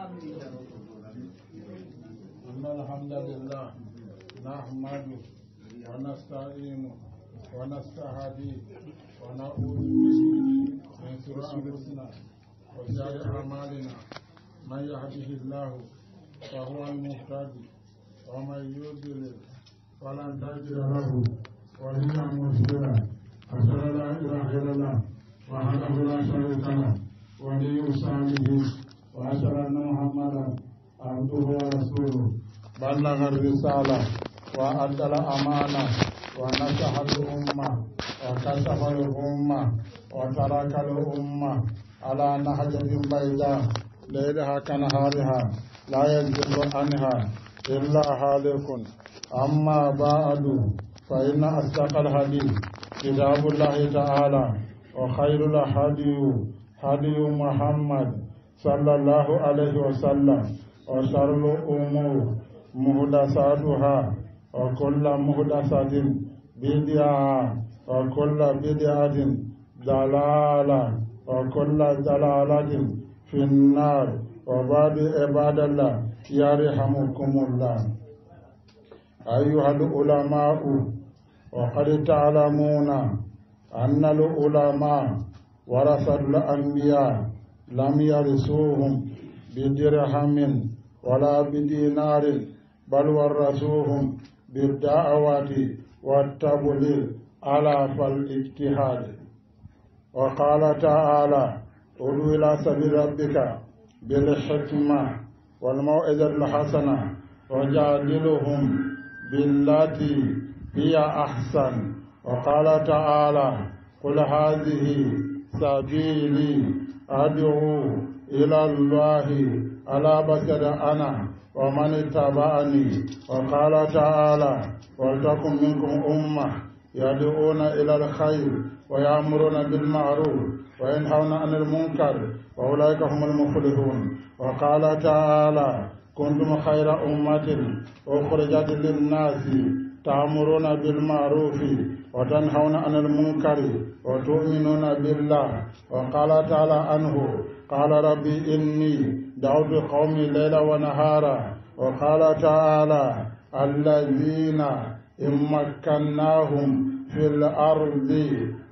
إن الحمد لله نحمده ونستعينه ونستهديه ونعوذ به من شرور أنفسنا وشر أعمالنا من يهده الله فهو المهتد ومن يضلل فلن تجد له وليا مرشدا أشهد أن لا إله إلا الله وحده لا شريك له ولي صالحين وأشهد أن محمدا عبده ورسوله بلغ الرسالة وأدى الأمانة ونصح الأمة وكشف الأمة وترك الأمة على نهج بيضاء ليلها كنهارها لا يجز عنها إلا هالك أما بعد فإن أصدق الحديث كتاب الله تعالى وخير الهدي هدي محمد sallallahu alayhi wa sallam o charlu umur muhdasatuha o kulla muhdasatin bidia o kulla bidiatin dalala o kulla dalalatin finnar o baɗi ibadallah yarhamukumullah ayuhalulamau o kadi talamuna annal ulama warasatul ambiya lam yarisuhum bidirhamin wala bidinarin bal warrasuhum bidaawati wattabulil ala fal ijtihade wa qala taala udu ila sabil rabbika bilhikma walmawizat lhasana wajadiluhum billati hiya ahsan wa qala taala qul hadihi sabili أدعو إلى الله على بشر أنا ومن اتبعني وقال تعالى ولتكن منكم أمة يدعون إلى الخير ويأمرون بالمعروف وينهون عن المنكر وأولئك هم المفلحون وقال تعالى كنتم خير أمة أخرجت للناس تأمرون بالمعروف وتنهون عن المنكر وتؤمنون بالله وقال تعالى عنه قال ربي إني دعوت قومي ليلا ونهارا وقال تعالى الذين إن مكناهم في الأرض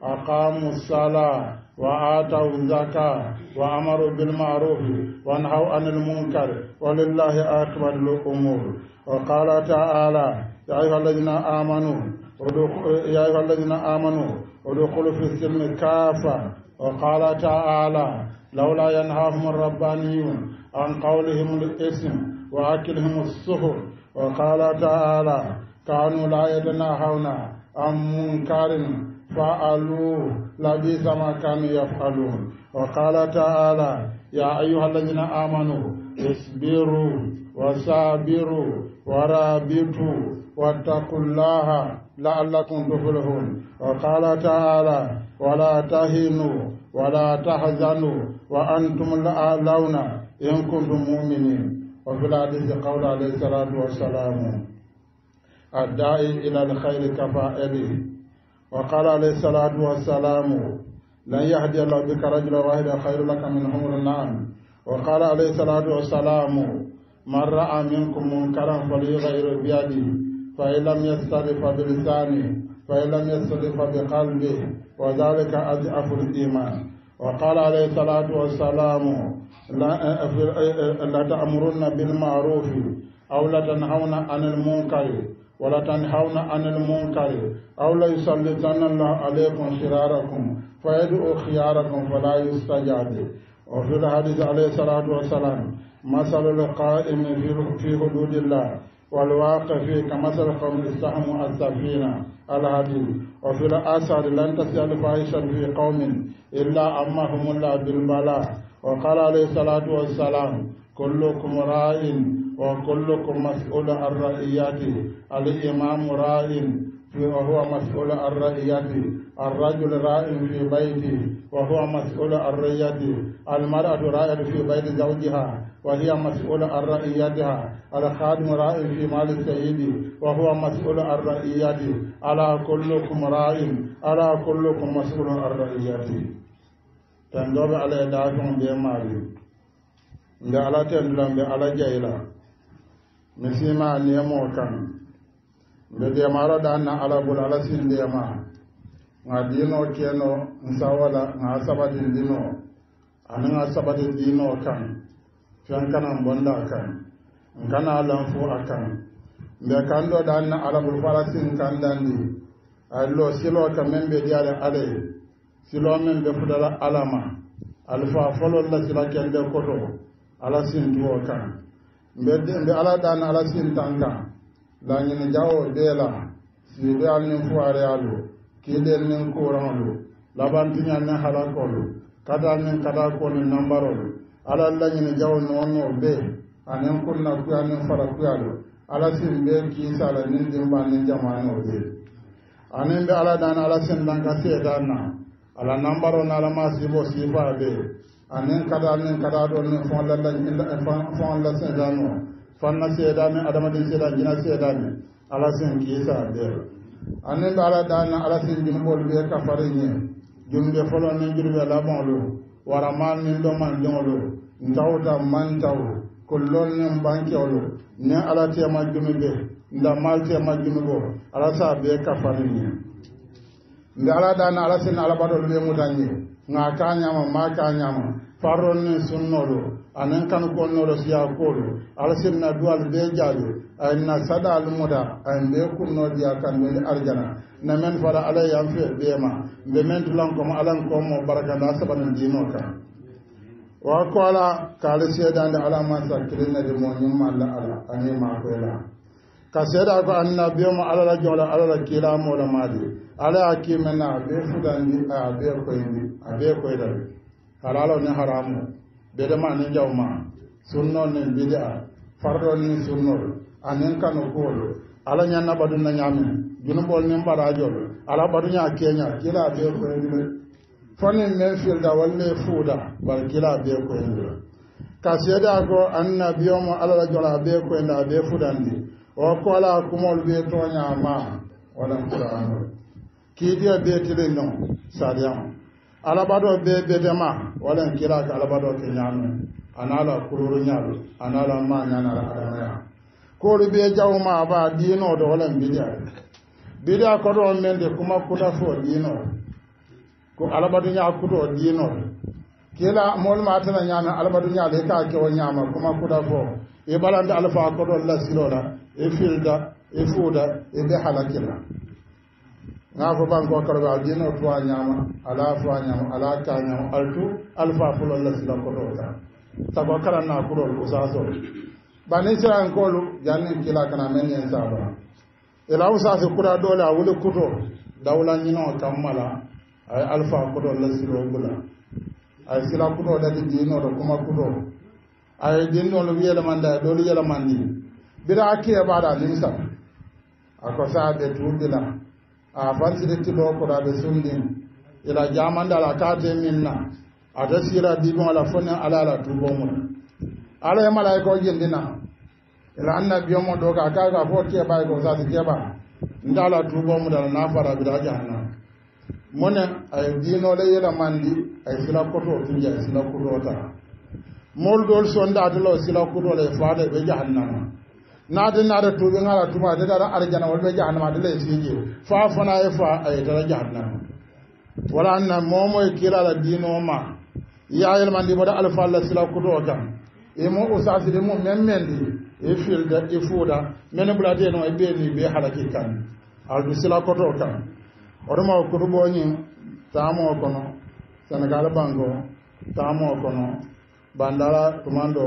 أقاموا الصلاة وآتوا الزكاة وأمروا بالمعروف وانهوا عن المنكر ولله أكبر الأمور وقال تعالى يا أيها الذين آمنوا يا أيها الذين آمنوا ادخلوا في السلم كافة وقال تعالى لولا ينهاهم الربانيون عن قولهم الاسم وأكلهم السحر وقال تعالى كانوا لا يتناهون عن منكر فألوه لبئس ما كانوا يفعلون وقال تعالى يا أيها الذين آمنوا اصبروا وصابروا ورابطوا واتقوا الله لعلكم تفلحون وقال تعالى ولا تهنوا ولا تحزنوا وأنتم الأعلون إن كنتم مؤمنين وفي الحديث قول عليه الصلاة والسلام الداعي إلى الخير كفائله وقال عليه الصلاة والسلام لن يهدي الله بك رجلا واحدا خير لك من حمر النعم وقال عليه الصلاة والسلام من رأى منكم منكرا فليغير بيده فإن لم يستلف بلسانه فإن لم يستلف بقلبه وذلك أضعف الإيمان وقال عليه الصلاة والسلام لتأمرن بالمعروف أو لتنهون عن المنكر ولا تنهون عن المنكر أو لا يسلطن الله عليكم شراركم فيدعو خياركم فلا يستجاب وفي الحديث عليه الصلاة والسلام مثل القائم في حدود الله والواقع فيه كمثل قوم استحموا السفينة الحديث وفي الأثر لن تسأل فاحشة في قوم إلا أمهم الله بالبلاء وقال عليه الصلاة والسلام كلكم راء وكلكم مسؤول عن رعيته الإمام راع وهو مسؤول عن رعيته الرجل راع في بيته وهو مسؤول عن رعيته المرأة راعية في بيت زوجها وهي مسؤولة عن رعيتها الخادم راع في مال السيد وهو مسؤول عن رعيته ألا كلكم راع ألا كلكم مسؤول عن رعيته تندوب على دافع بمالي nga ala tendulan be ala jayla misima nemo kan mbe ndiyamaro ɗan na bula ala sin ndiyama ga dino keno nsawala ga sabati dino aniŋ a sabatin dino kan fen kanan bonda kan nkana lan fo a kan mbe kan ɗo ɗan na bulu fo ala sin kan dandi allo silo ka men ye siloo meŋ silo futa la futala alama alfa folol la sila kende koto ala sintuwo kan mberɗe mbe ala ɗan ala sintanka lañin jawo ɓeela siɓe alnin fuware alu kiɗel nin kuranlu labantiñal nin halakolu kata nin kata koni nambarolu ala lañin jawo noono ɓe anin kunna kuy anin fara kuyalu ala sin ɓe kiisala nin dimba nin jamano ɓe anin ɓe ala ɗan ala sintanka seetan na ala nambaro na ala ma sibo siifa bee. anin kada min kada do min fon la la fon la sen dano fon na se da min adama din se da jina se da min ala sen ki sa be anin da da na ala sen din bol be ka fare ni jumbe folo ni jurbe la bon lo wara man min do man don lo ndawta man taw kullon ni banke lo ne ala te ma jumi be nda mal te ma jumi bo ala sa be ka fare ni nda da na ala sen ala badol be mutanye nga ka ɲama ma ka ɲama farron ni sunnolo anin kan konnolo siya kolo alsin na duwal be jalo ayin na sada almuda ayin be kunno diya kan be arjana na men fara ala yan fe be ma be men tulan ko alan ko mo baraka da saban dino kan wa ko ala ka alsiya dan da ala ma sakirin na de mo nyum malla ala ani ma ko la ka seeda ko annabiyo mo ala la jola ala la kilamo la maadi ala ya kimena a be fulandi a be koyndi a be koydal halalo ni haramu bedema ni jawma sunno ni bid'a fardo ni sunnol anin kanu kuwol ala na ɓadu na Junu ñamin junubol nin ɓarajol ala ɓaduña keña kila be koyndile fonin men filda walle fuuda bar kila be koyndila ka seeda ko annabiyo mo alala la jola a be koynda a be fulandi wakola kumol be toña ma wala qur'an kiidiya be tile non sariyama alabaɗo be bedema wala kiraka alabaɗo ke ñaame anala kururu ñaalu anala ma ñanala adamaya koolu be jawma ba diinoɗo wala bidiya bidiya koɗo men kuma kuta fo diinoɗo ko alabaɗo ña kuto diinoɗo kila mol ma tana ñaame alabaɗo ñaale ka kuma kuta fo e ɓalande alfa koɗo lasiroɗa e filda e fuuda e ɓe halakila ŋa fo banko karɓe aljina to a ñama ala a ñama ala ka ñama altu alfa la sila bani kila kana men ila kura dole a kuto dawla ay alfa la ay sila kuto kuma kuto ay bira ke ba da jinsa akosa be tudila a fasiri ti do ko da sundin ila jaman da la ta te minna ada sira bi ala fona ala ala tubo mo ala ya malaiko jindina ila annabi mo do ka ka ka fo ke ba ko sa ke ba ndala tubo mo da na fara bi da jahanna mona ay dino le yela mandi ay sila koto tinja sila koto ta mol dol sonda to lo sila koto le faade be jahannama naade naada tuuɓe ŋara tuma de dara arjana wol ɓe jahanama de la siiji faa fana ye fa aye tara jahannama wala anna momoye kila la diinoo ma ya yelmandi boɗa alpha alla sila kutoo kan imo usasidi mu men mendi i filda i fuuda mene ɓulateno e ɓeeni ɓe halaki kan aldu sila kotoo kan otoma kutuɓooñin taamoo kono sénégal banko taamoo kono bandara tuman ɗo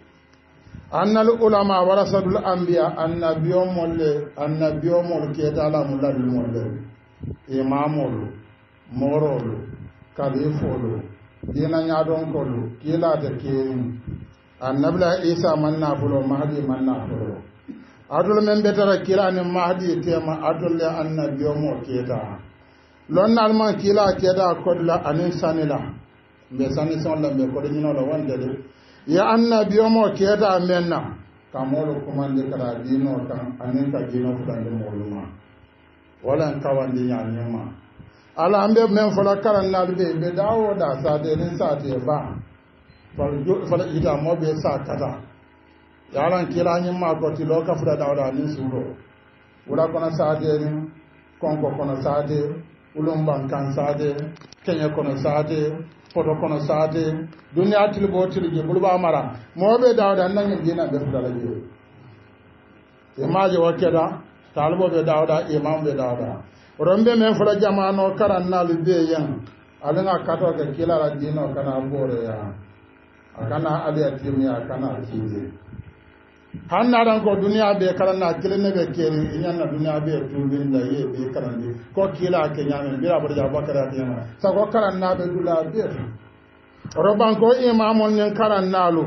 annal ulama warasadul anbiya annabiyom molle annabiyom mol ketala muladul molle imamol morol kalifol dina nyadon kolu kila de keni annabla isa manna bulo mahdi manna bulo adul men betara kila ni mahdi tema adul le annabiyom mol keta lon alman kila keda kodla anin sanila be sani son la be kodino la wande ya anna biyomo keda menna kamolo kumande kala dino kan anen ka dino fudan de moluma wala kawandi nyanyuma ala ambe men fola karan na be be dawo da sa de nin sa te ba fal jo fal ita mo be sa kada yaran kila nyin ma ko ti loka fuda dawo da ni suro wala kona sa de nin konko kona sa de ulumban kan sa de kenya kona sa de poto kono saate duniya tilibootili je ɓolu ɓa mara mawɓe dawde annange mbina ɓefdala jeyo imaji o keɗa taalibo ɓe dawda imam ɓe dawda romɓe men fota jamano kara nali de yen alinga katoke kilala dino kana ɓooreya akana aliya timiya kana tiide han naran ko duniya be karanna kelen ne be kere nyanna duniya be tubin la ye be karande ko kila ke nyamen bira bar ja bakara ke ma sa ko karanna be dula be roban ko imamon nyen karanna lu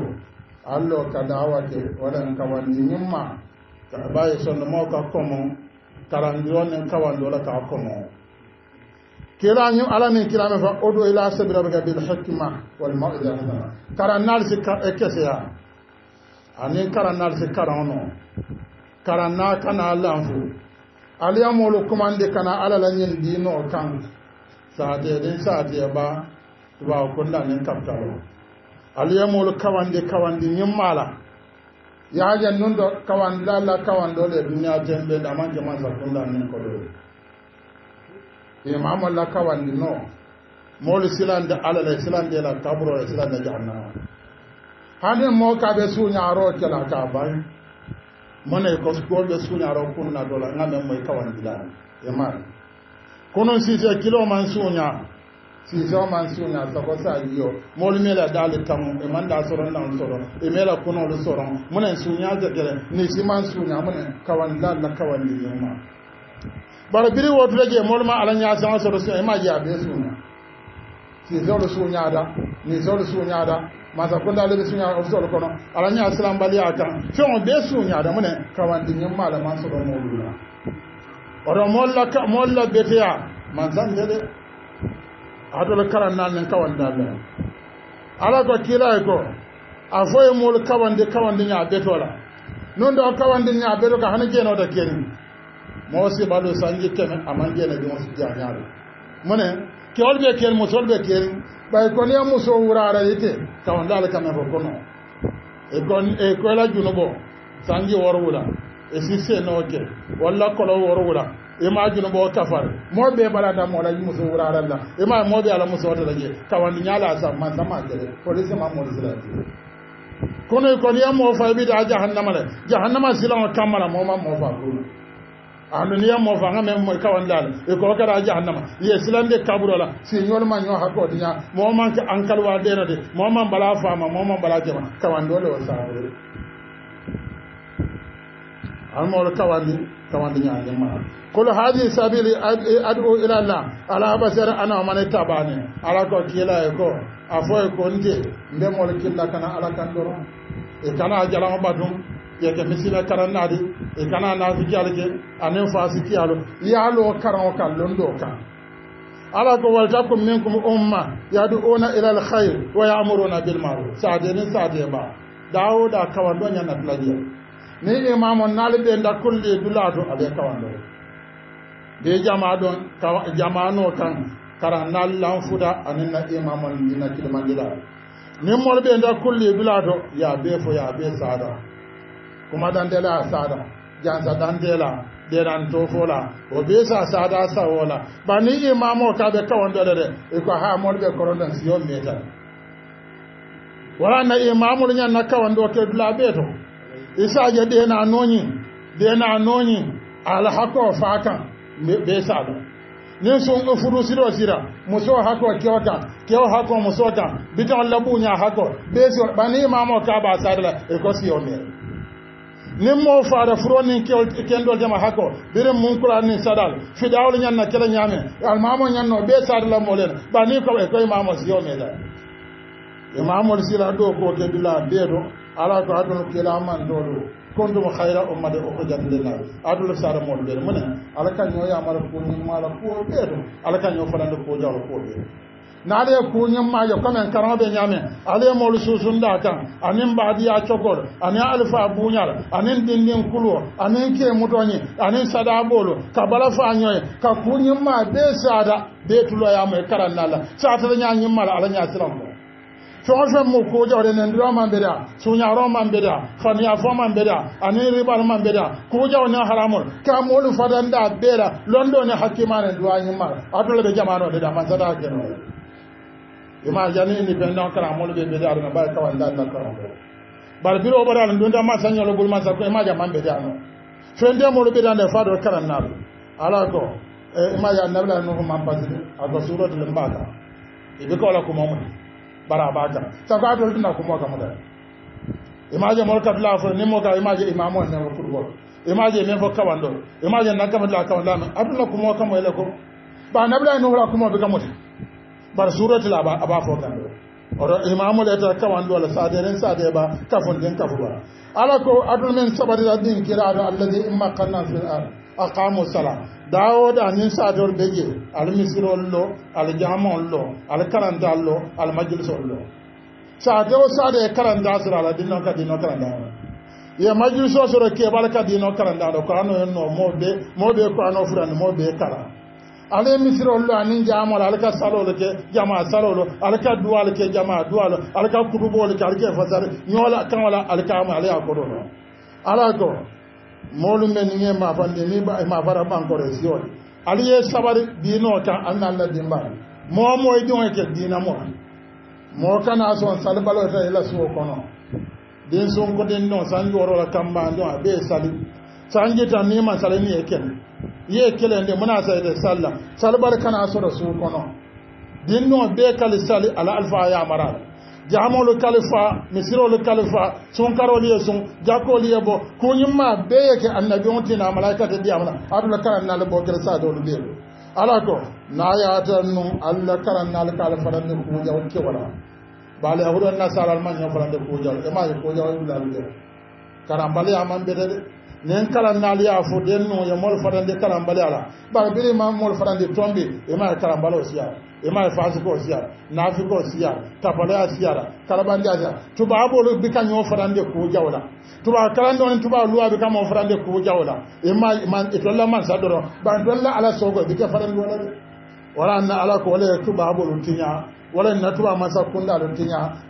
allo ka dawate wadan ka wani nyimma ka baye son mo ka komo karandi wonen kawan dola ka komo kira ñu ala min kira me fa odo ila sabira be bil hikma wal mau'izatina karannal sikka e keseya ani karannal si karan no karanna kana lanfu aliyamolu kumandi kana ala la ñin diino kan saatee din saatee ba tubaw kunda nin kaptalo kawande kawandi kawandi ñin maala yaajan nun do kawandi lalla kawando le duniya tembe dama jama sa kunda nin kodo imamo la kawandi no moolu silande ala la silande la kabro la silande jahannama ha ne mo ka be su nya ro ke la ka ba mo ne ko ko be su nya ro kun na dola nga me mo ka wan dila e si je kilo man su nya si je man su nya so ko sa yo mo le mela dal tam e man da soro nan soro e mela kono lo soro mo ne su nya je gele ni si man su nya mo na ka wan ni bara biri wotu je mo ma ala nya sa soro e ma ja be su nya tizoru su nyaada ni zoru su nyaada masa kunda le su nyaada ofso ko no ala nya salam bali aka fion be su nyaada mune kawan din nyum mala man so do molula oro molla ka molla betia man zan yede adol karan nan kila ko afoye mol kawan de kawan din nya betola non do kawan din nya da kerin mo si balu sanji kemen aman jena di mo si kewol ɓe kel musol ɓe keri ɓay koniya muso wurara yite tawan dala kame fo kono e, e koyla junubo sanji wor wula e sisse nooke walla kolo wor wula ima e junubo kafar moɓe ɓalata ima moɓe ala musotata je tawandi ñala sa man sama kele police ma molisilati kono e koniya mo fa ɓita e jahannama le jahannama silan o kammala moma mo fa kuno andu ni yammo fa ngam mo kawan dal e ko kada jahannama ye silande kaburo la si nyol ma nyo hakko dinya mo man ke ankal wa dera de mo bala fama mo man bala jama kawan dole wa sawo an mo kawan ni ma kul hadi sabili e ad'u ila allah ala ana man tabani ala ko kila e ko afo e kana ala kan doro e yeke misila tara naadi i e kana naati kiyalu ke anin faasi kiyalu yaaloo karanwo ka londoo ka ala ko waltako minkum umma yaadi ona ilal hayre wa yamuruna bilmaruf saadie nin saadie mba dawo da kawando ñanatulajee ni imamo naali ɓe dakkolli dulaatu aɓe kawando de jama ɗon jamano kan kara naali lanfuda anin na imamo ndina kilimandila nin molɓe dakkolli dulaato yaa ɓe fo yaa ɓe saada kuma dandela a sada jansa dandela deran to fola o bisa sada sawola bani imamo kabe kawondelere eko ha molbe koronden siyo meta wala na imamo nya na kawando ke dula beto isa je de na noni de na noni ala hako faka be sada ne sun o furu siro sira muso hako kewaka kewo hako muso ta bitan labu nya hako be so bani imamo kaba sada eko siyo meta nin moo faada furo nin ke kendol jama hakko birin munkura nin sadal fidawol ñanna kele ñaame almamo ñanno ɓe saade lambolen ba ni ko e koye mamol si yowmeda e mamol sila do ko ke bila beeto ala ko adono kela man do ɗo kontumo hayra o made oko jatdena adol sara moɗo ɓeɗe mone alakañoyamara kuñimala kuo ɓeeto alakañoo fanande ko jawla kuo ɓeeto na ale ku nyam ma yo kamen karan be nyame ale mol su sun data anin badi ya chokor anin alfa bunyar anin dindin kulo anin ke mutonyi anin sada bolo ka bala fa ka ku nyam ma be sada be tulo ya mai karan nala sa ta nya nyam ma ala nya silam fɛn mu ko jɔ de nin dira man bɛ da sunyarɔ man bɛ da faniya fɔ man bɛ da ani ribar man bɛ da ko jɔ ni haramu ka a dɔw bɛ jama ima jani independent kara mulu be be dar na bar ka wanda ta kara bar ma sanya lo bulma sa ko ima jama be da na ala ko e ima ya nabla no ma pasi ago suratul mbaka la ko mamu bara ba ta na ko mo ka mada ima je mulu ka bla fo na ko football ima je men fo ka na ka bla ka wanda abdul ko ba nabla no ra ko mo be ka bara surati la a ba fota oto imamu leta kawandole saderen sade ba kafonden kafu ba ala ko adul min sabarira din kirado alladi imma kanna fil ar aqamu sala dawoda min sador beje al misir ollo al jama ollo al e karanda ollo al majlis ollo sade o sade karanda sura la dinno ka dinno karanda ye majlis o sura ke balaka dinno karanda do ko anno no mobe mobe ko anno furan mobe karanda misiri ala misirolu ani jamol ala ka salolu ke jama salolu ala ka duwalu ke jama duwalu ala ka kutubolu ke ala ke fasari ñola kaŋola ala ka ama ala ya kodono ala ko moolu men ŋe mafande ni mafara bankore siyoli ala ye sabari diinoo kan ala na alla dimbara moo moye diŋo ke diina mo moo kana son sali balota ila suwo kono din sunkutin non sanjorola kambandiŋo a bee sali sanjita niima sali ni ye kene ye kele nde mona sayde salla salbare kana soro suu kono dinno be kali sali ala alfa ya maral jamolu kalifa misirolu kalifa sunkarolu ye sun jakkolu ye bo kuñimma be yeke annabi on tina malaikate diyamana adula kara nnali bo kele saadolu beelu ala ko nayatan nu allah kara nnali kaala farande kuujal kewala baale yahuɗo nasaralmañe farande kuujal emaye kuujal ulalude kara mbaleyaman mbete de nin kalan naali y'a fo den nu ye mɔli farande kalanbaliya la bari biri ma mɔli farande tɔnbe e ma ye kalanbalaw siya e ma ye fasikoo siya nafikoo siya tapaloya tuba a b'olu bi ka ɲɔ tuba kalandenw tuba olu a bi ka mɔ farande k'u jaw la e ma itɔlila mansa dɔrɔn wala na ala ko tuba a b'olu tiɲa wala natuwa masa kunda don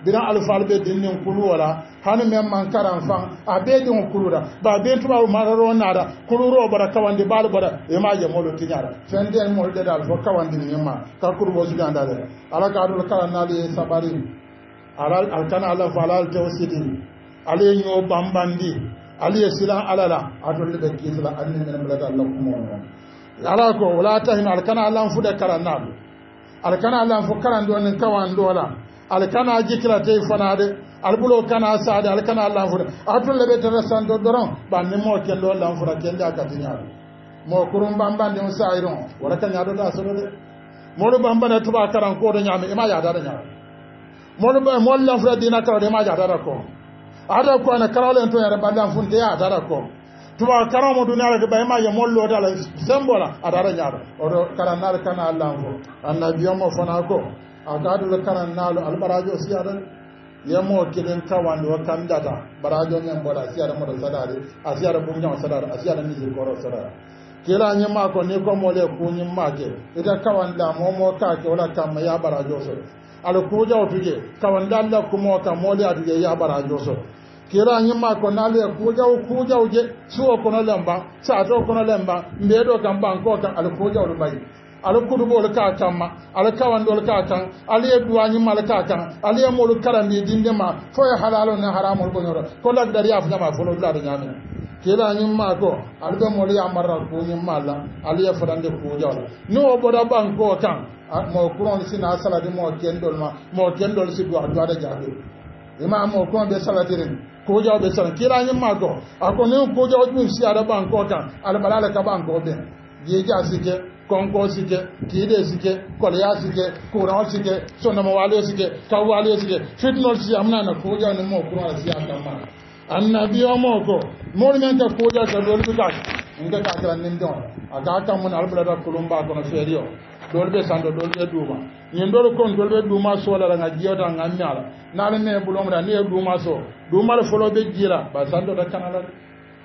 bina alfalbe din nin kulu wala hanu men man karan fan a be din kulu da ba be tuba o mararo na da kulu ro bara kawandi bal bara e ma je molo tinya da fen den mol de dal fo kawandi ni ma ka kuru bo su ganda da ala ka dul kala na de sabari ala al kana ala falal tawsidi ale nyo bambandi ale silan alala atol de kisla annin men mala da Allah kuma ala ko wala tahina al kana ala fu da alkana lan fo karando nin kawan la alkana jikira te fana de albulo kana saade alkana lan fo atul lebe tere santo doron ba ni mo ken do lan fo ken da katinya mo kurum bamban de usairon wala kan yado da solo de mo do bamban da tuba karan ko do nyame ima e ya da da nyame mo do mo lan fo dina karo de ma ya da da ko ada ko na karo len ya ba lan fo de ya da da ko tuma karamo duniyara ke bayma ya la dala sembola adara nyaado odo karanal kana allango annabiyomo fana ko adadul karanal albarajo siyada yamo kilen kawande o kamdata barajo nyam bola siyada modo sadare asiyada bumnyam sadare asiyada misi koro sadare kila nyima ko ni ko mole ku nyima ke ida kawanda mo ka ke wala kam ya barajo so ala kuja otuge kawanda la mo ka mole atuge ya barajo so kira anyi ma ko na le ko jaw ko jaw je suwo ko no lamba sa to ko no lamba mbe do kan ban ko kan al ko jaw do bayi ala kudubolu ka kanma ala kawandolu ka kan ala ye duwañimmala ka kan ala ye molu karandi dindema fo ye halalo ne haramolu koñoro ko lagdari ya fulama folo dulado ñamina kila ñimma ko ala be molu yamarral kuñimma la ala ye farande kujawla ni wo boda banko kan mo kuron sina saladi mo kendol ma mo kendol si duwa duwada jaabi ima mo kuron be saladirin koja ɓe sara kirañimma to ako nin koja ɗum siyata banko kan albalala ka banko ɓen yeji a sike konko sike kiide sike kolya sike courant sike sondoma waalo sike kaw waalo sike fitnol si amnana koja nimmo courant siya kamma annabi omo ko moɗu men ka koja ka dolɓi kak nge ka kira nimde on aka kammune albalata dolu ɓe santo dolu ɓe duuma ñin ɗolu kon dolu ɓe duuma soolala nga jewta nga miala naala me bulomuta ni ye duuma so duumala folo ɓe jiila ba la kanala la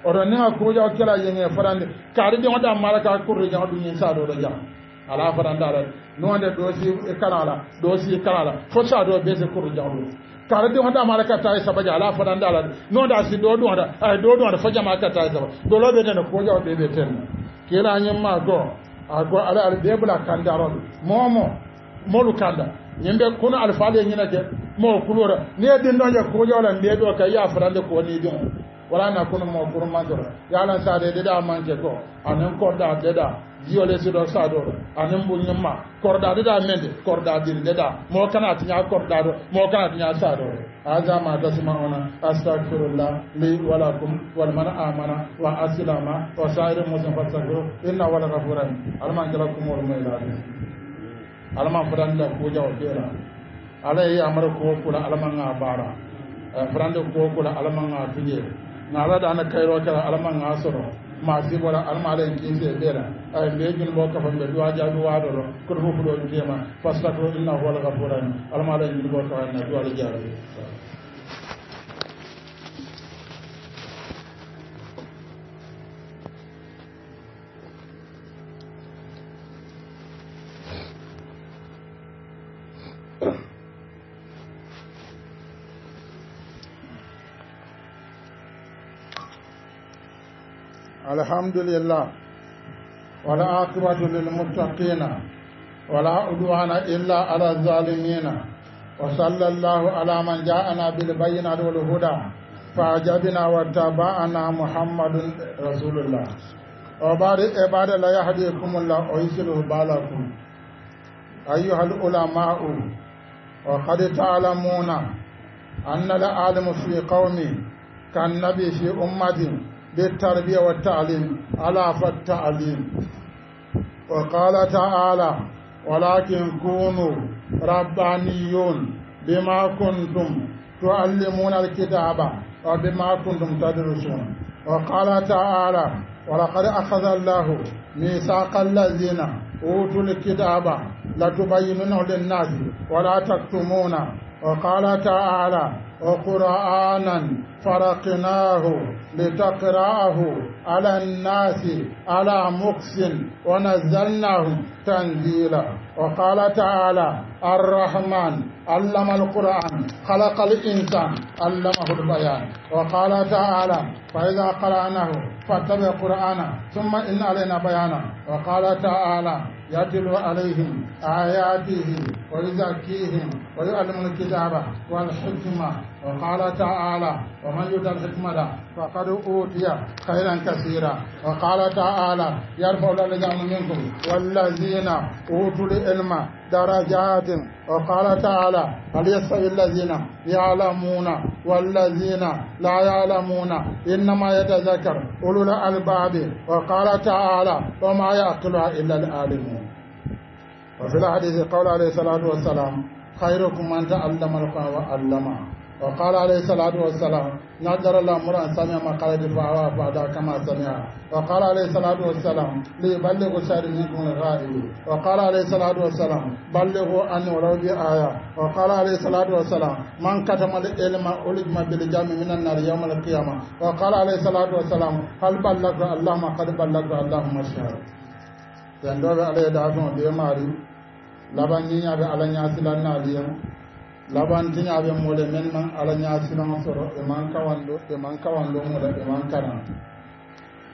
oto ni nga kurujaw kela yeŋe farande kaari ɗiŋo da mara ka kurri jaŋo ɗum ñin saa ɗoto jaŋ ala farande ala nuwande doosi kanala doosi kanala fo saa ɗo ɓe si kurri jaŋo ɗum kaara ɗiŋo da mara ka taye saba ja ala farande ala nuwande a si ɗo la ay ɗo la fo jama ka taye saba dolo ɓe tene kurujaw ɓe ɓe tenna kela ñin ma goo debula kandarol momo molu kanda yimɓe kono alfaali e ñinake mo kulora ni e ɗinnoje kujola mbiyeɗo ka ya farande ko woni ɗum walana kono mo pour mandoro yalan sade deɗa manque ko anen korda deɗa jiyole siɗo saɗoro anen ɓuñumma korda deɗa mende korda diri deɗa mo kana tiña kordaɗo mo kana tiña saɗoro هذا ما تسمعون أستغفر الله لي ولكم ولمن آمن وأسلم وسائر المسلمين فاستغفروا إنه ولا غفور ألما جلكم والميلاد ألما فران لا كوجا وكيلا ألا يا أمر كوكولا ألما نعبارا فران لا كوكولا ألما نعبير نعرض أنا كيروكا ألما نعصر ما سيبولا ألما عليك إنسي بيرا ay leeñol mo kafam ɓe duwaja duwaɗolo koto fof ɗo mbiyama fastakro inna hola gafurani alamaɗa e mbiɗi mo kafanna duwaɗo jaaroɓe alhamdulillah wala aqibatu lilmuttaqina wala udwana illa ala zalimina wa salla allahu ala man jaana bilbayinati walhuda faajabina wattaba'ana muhammadun rasulullah o baade e baade la yahdikumullah o yisiluhu baalakum ayuha lulama'u wa kad taalamuna anna l'alimu fi qawmi kannabi fi ummatin بالتربية والتعليم على فالتعليم وقال تعالى ولكن كونوا ربانيون بما كنتم تعلمون الكتاب وبما كنتم تدرسون وقال تعالى ولقد أخذ الله ميثاق الذين أوتوا الكتاب لتبينونه للناس ولا تكتمونه وقال تعالى وقرآنا فرقناه لتقرأه على الناس على مكس ونزلناه تنزيلا وقال تعالى الرحمن علم القرآن خلق الإنسان علمه البيان وقال تعالى فإذا قرأناه فاتبع القرآن ثم إن علينا بيانا وقال تعالى يتلو عليهم آياته ويزكيهم ويعلم الكتاب والحكمة وقال تعالى ومن يؤت الحكمة فقد أوتي خيرا كثيرا وقال تعالى يرفع الذين منكم والذين أوتوا العلم درجات وقال تعالى هل يستوي الذين يعلمون والذين لا يعلمون إنما يتذكر أولو الألباب وقال تعالى وما يأكل إلا العالمون وفي الحديث قول عليه الصلاة والسلام خيركم من تعلم القرآن وعلمه وقال عليه الصلاة والسلام نذر الله مرا ما مقالة فأوى فأدى كما سمع وقال عليه الصلاة والسلام ليبلغ شر منكم الغائب وقال عليه الصلاة والسلام بلغوا عن ولو بآية وقال عليه الصلاة والسلام من كتم العلم ألجم بالجام من النار يوم القيامة وقال عليه الصلاة والسلام هل بلغ ما قد بلغ ما شاء يندور عليه دعوة بيماري لبنيا بألنيا سلنا اليوم labantini aɓe mole men ma ala ñasinoma soro ɓe man kawanɗo ɓe man kawanɗo mola ɓe man kana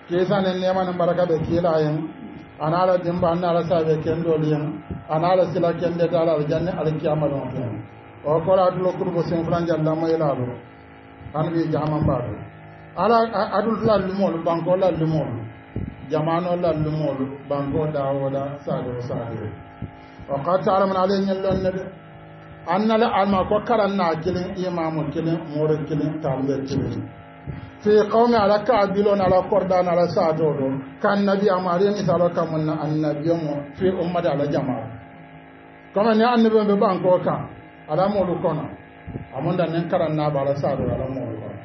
kesan en nemane mbaraka ɓe kiila hen anaala dimba anne ala saaɓe kendol hen anaala sila kende dala ala janne ala kiyamaɗon hen o kora adulo kurbo sen franjal e lamayilaɗo an wi jama mbaɗo ala adul lallumolu banko lallumolu jamano lallumolu banko dawoɗa saade o saade o o qatta alamen alay ñellonne ɓe annale alma ko karan na kelen imamu kelen moro kelen tambe kelen fi qawmi ala kabilon ala kordan ala sato ɗo kan nabi amari misalo kamunna annabi mo fi ummade ala jamaa comme ni annabi ɓe ɓanko kan ala moɗu kono amunda nen karannaɓe ala sato ala moɗu kono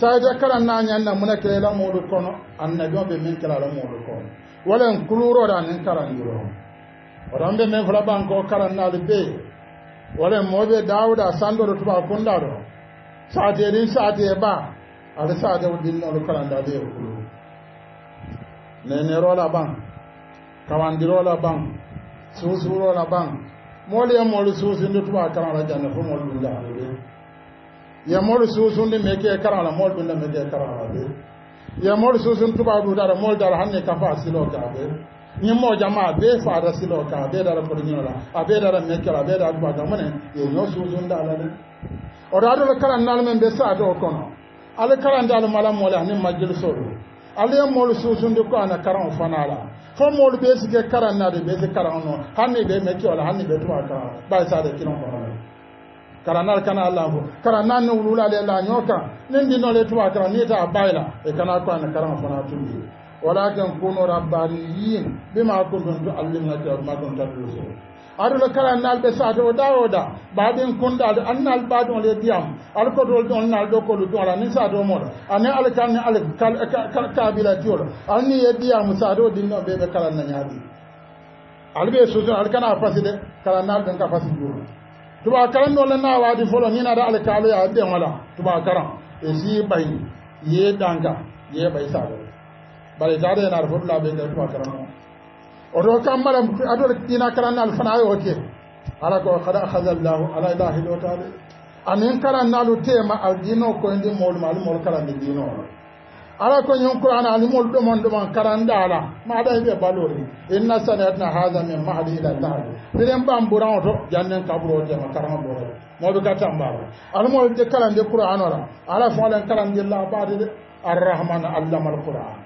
sayde karannañanna muna kele la moɗu kono annabi o ɓe min kela ala kona. kono walen kuluroɗa nen karandiro oɗon ɓe min fula ɓanko karannaɗe ɓee wore mooɓe dawuda sandoro tuba kundaro saate ɗin saate e ba ata saate o dillinoro kalandade e kulu nenerola ban kawandirola ban susurola ban moolu ye moolu susundi tuba karanla jande fo moolu ɗunde ano de ye moolu susundi meke karanla moolu ɗunde meke karanla de ye moolu susundi tuba ɗudara moolu dara hanne kafa silo gaade ñimmo jama be faada silo ka be dara korñola a be dara mekkela a be da dubaga mune yo ño susundala de oto aɗola karandal men ɓe saade o kono ala karandal mala moole ani majjilsolu ala ye moolu suusundi ko ana karaŋo fana la fo moolu ɓe sike karan naade kara si karaŋo no hanni ɓe mekke ola hanni ɓe tuba kara bayi saade kilon kono karanal kana alla fo karanal ni wululale la ñoo kan nin dinole tuba kara ni ta a bayi la e kana ko ana karaŋo fana tundi walakin kunu rabbaniyin bima kuntum tuallimuna kitabu ma kuntum tadrusun aɗola kala nalɓe sate o da o da mbaɗin kundade annal mbaɗon le diyam alkotol ɗon nal ɗo kolu ɗon ala ni sate o moɗo ane ala kalne ala kabila tiyoɗo alni ye diyamu sate o ɗinɗon ɓeɓe kala nañaɗi alɓe suso al kana fasi de kala nalɓen ka fasi juuro tuba karan ɗon le nawadi folo ninade da kaloya ɓen wala tuba karan e si ɓay ye ɗanka bare daade hen ata hotula ɓe nder fof karamo oto kam mbaɗa adoɗa ƴina karannaɗo fana yo ke ala ko kad ahada llahu ala ilahi lotaɗe anin karannaɗo tema a ƴino koye ndi mawlum alimol karande ƴinoɗo ala ko ñon qouran alimol ɗoman ɗoman karandaala maɗa e ɓe balori inna sanatna haha min mahdi ila llahdi mbiɗen ɓam ɓuran oto jannden kaburo tema karanɗoo moɓe gatta mbaɓa alimol de karande qouran ola ala fo alen karandilla baade de arrahmane allama l qouran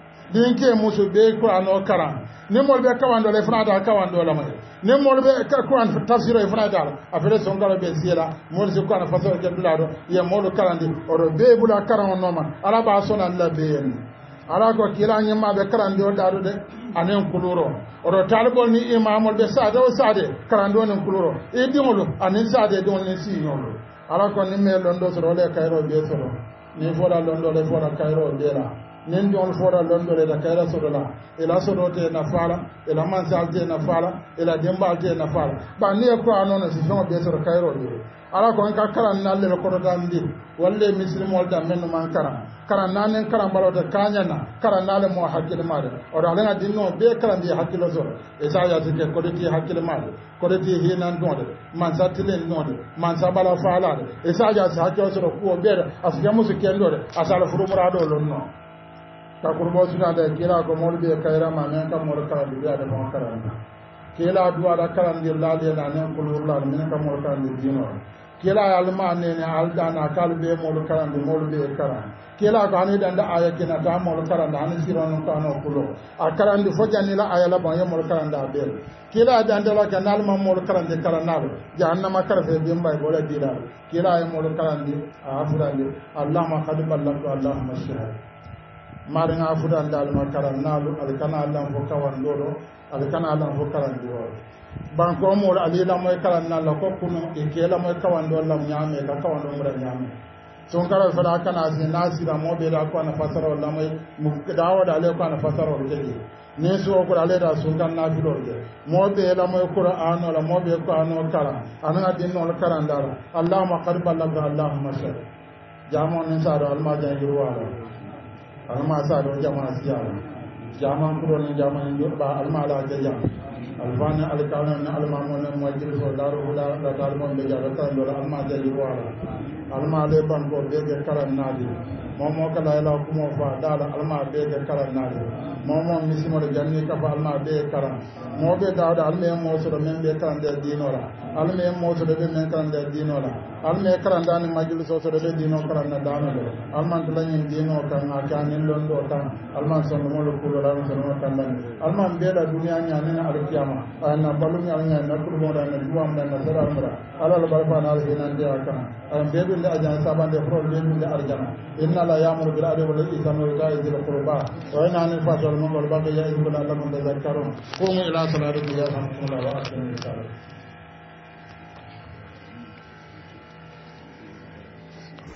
din ke musu be qur'an o kara ni mol be kawan dole fana da kawan dole mai ni mol be ka qur'an tafsir e fana da a fere son garo be siela mol se qur'an fa so jabla do ye mol kala ndi o do be bula kara on noma ala ba sona la be ala ko kila nyi ma be kara ndi o da do de anen kuluro o do talibol ni imamol be sa do sa de kara ndo nen kuluro e dingolo anen sa de don nen si nyolo ala ko ni me londo so do le kayro be so do ni fola londo le fola kayro be la nin ɗon fota londore ta kayra soɗola ila na fara, ila mansalde nafaala ila dimbalde nafaala ɓa ni e kuwa anona si feŋo ɓe soto kayro ɗi ala ko en ka karan nallere kototan ndi walle misilimol kara men numan karan karan nanen karan mbaɗote kañana karan nale mo hakkille maɗe oto alaga dinno ɓe karan mbiye hakkille soto e sa yasike kodeti hakkille maɗe kodeti hinanɗode man sattilenɗode man saɓala faalade e sa yasi hakkille soto kuwo ɓeeɗe a sike musu kenɗode a sala furumuraɗo lonno ka kurbo suka da kila ko mol be kayra ma men ka mol kala bi ada mo kila du da kala ndi la de na ne ko lu la men ka mol kala ndi no kila alma ne ne al da na kal be mol kala ndi mol be kara kila ko ani dan da aya kina ta mol kala da ani siro no ka no kulo a kala ndi foja ni la aya la ba ya mol kala nda be kila da da la ka alma ma mol kala ndi kala na jahannama kar fe be mbay bole dira kila ay mol kala ndi a afra allah ma qad allah allahumma shahada maɗa ga fudande alma karan naalu ala kana lan fo kawan ɗoɗo ala kana lan fo karandi oro banko mur ala lamo e karan nalla kokkuno e ke lamo e kawanɗo lam ñaame ka kawanɗo mura ñaame son kara saɗa kanasi nasira moɓeɗa ko ana fasarol lamoy dawaɗa ale ko ana fasarol jeɗi nin suwo kora aleyta sunkan nafilol je moɓe lamoy kura anola moɓe ko ano kara anaga ɗinnol karandara allahuma kadi ballaga allahuma sare jamo nin saɗo almadian hirwaɗa alma sa don jama siya jama ko don jama ni do ba alma la jaya alfana alkana na alma mo na mo jil so daru da dar mo be jarata do alma jali ko ala alama ale ban ko be ke kala naadi momo kala la ila kuma fa dala alama be ke kala naadi momo misimo mo janni ka fa alama be kala mo be dawda alme mo so do men be kan de dinora alme mo so do men kan de dinora alme karan dan majlis so so do dino karan na dan do alman to lanin dino kan na kan nin lon do tan alman so mo lo kulo lan so mo kan dan alman be da duniya nya nin na kiyama ana balum nya nya na kulo mo da na duwa mo da na sara mo ala al barfa na al hinan de akan an be wonde aljana sabande prol ɓennude aljana inna la yamuru bil adi wal ihsan wa ita'i dhil qurba wa yanha anil fahsha'i wal munkari wal baghi ya'idukum la'allakum tadhakkarun qumu ila salatikum yarhamkumullah wa aqimul salat